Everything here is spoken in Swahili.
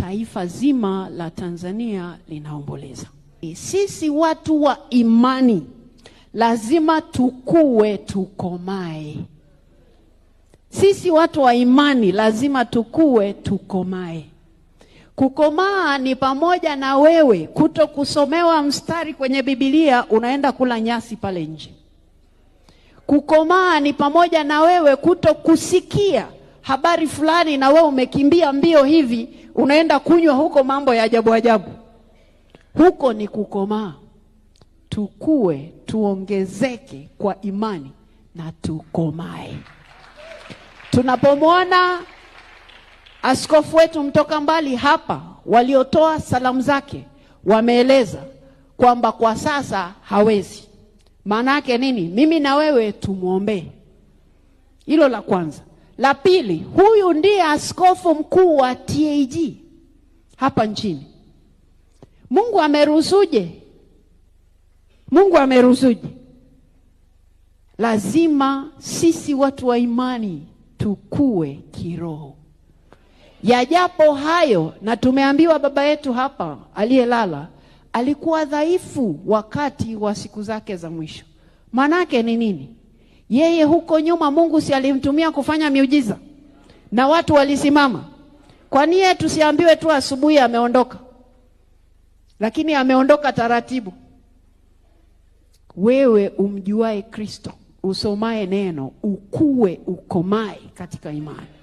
taifa zima la Tanzania linaomboleza. E, sisi watu wa imani lazima tukue, tukomae. Sisi watu wa imani lazima tukue, tukomae. Kukomaa ni pamoja na wewe kuto kusomewa mstari kwenye Biblia, unaenda kula nyasi pale nje. Kukomaa ni pamoja na wewe kuto kusikia habari fulani, na wewe umekimbia mbio hivi, unaenda kunywa huko mambo ya ajabu ajabu. Huko ni kukomaa. Tukue, tuongezeke kwa imani na tukomae. Tunapomwona askofu wetu mtoka mbali hapa, waliotoa salamu zake wameeleza kwamba kwa sasa hawezi. Maana yake nini? Mimi na wewe tumwombee. Hilo la kwanza. La pili, huyu ndiye askofu mkuu wa TAG hapa nchini. Mungu ameruhusuje? Mungu ameruhusuje? Lazima sisi watu wa imani tukue kiroho. Yajapo hayo, na tumeambiwa baba yetu hapa aliyelala alikuwa dhaifu wakati wa siku zake za mwisho. Maanake ni nini? Yeye huko nyuma Mungu si alimtumia kufanya miujiza na watu walisimama. Kwa nini tusiambiwe tu asubuhi ameondoka? Lakini ameondoka taratibu. Wewe umjuae Kristo, usomae neno, ukue, ukomae katika imani.